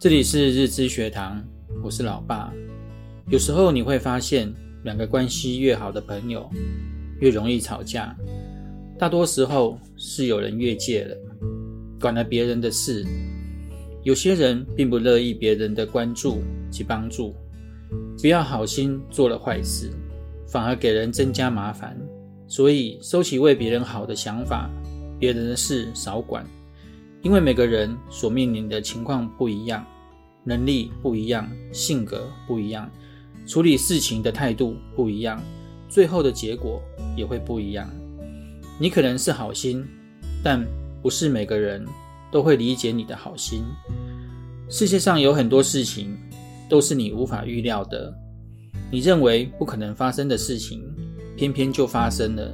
這裡是日知學堂，我是老爸。有時候你會發現，兩個關係越好的朋友，越容易吵架。大多時候是有人越界了，管了別人的事。有些人並不樂意別人的關注及幫助，不要好心做了壞事，反而給人增加麻煩。所以，收起為別人好的想法，別人的事少管。因為每個人所面臨的情況不一樣，能力不一樣，性格不一樣，處理事情的態度不一樣，最後的結果也會不一樣。你可能是好心，但不是每個人都會理解你的好心。世界上有很多事情都是你無法預料的，你認為不可能發生的事情，偏偏就發生了。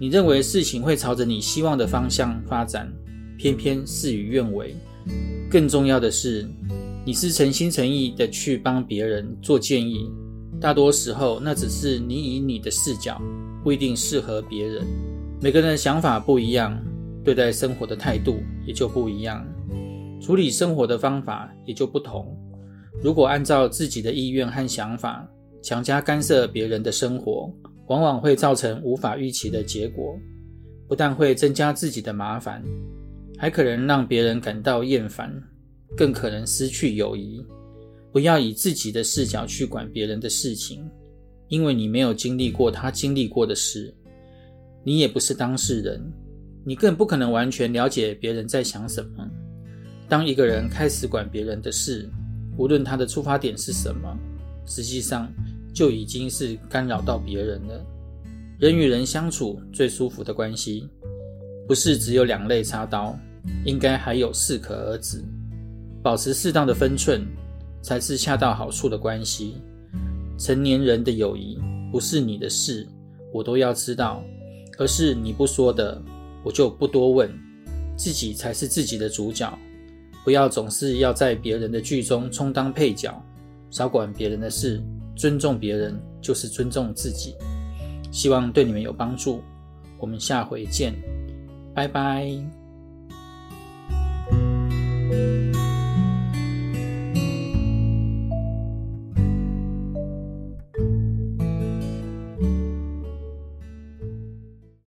你認為事情會朝着你希望的方向發展，偏偏事與願違。更重要的是，你是誠心誠意的去幫別人做建議，大多時候，那只是你以你的視角，不一定適合別人。每個人的想法不一樣，對待生活的態度也就不一樣，處理生活的方法也就不同。如果按照自己的意願和想法強加干涉別人的生活，往往會造成無法預期的結果，不但會增加自己的麻煩。還可能讓別人感到厭煩，更可能失去友誼。不要以自己的視角去管別人的事情，因為你沒有經歷過他經歷過的事。你也不是當事人，你更不可能完全了解別人在想什麼。當一個人開始管別人的事，無論他的出發點是什麼，實際上就已經是干擾到別人了。人與人相處，最舒服的關係。不是只有兩肋插刀，應該還有適可而止，保持適當的分寸才是恰到好處的關係。成年人的友誼不是你的事，我都要知道，而是你不說的，我就不多問。自己才是自己的主角，不要總是要在別人的劇中充當配角。少管別人的事，尊重別人就是尊重自己。希望對你們有幫助，我們下回見。拜拜。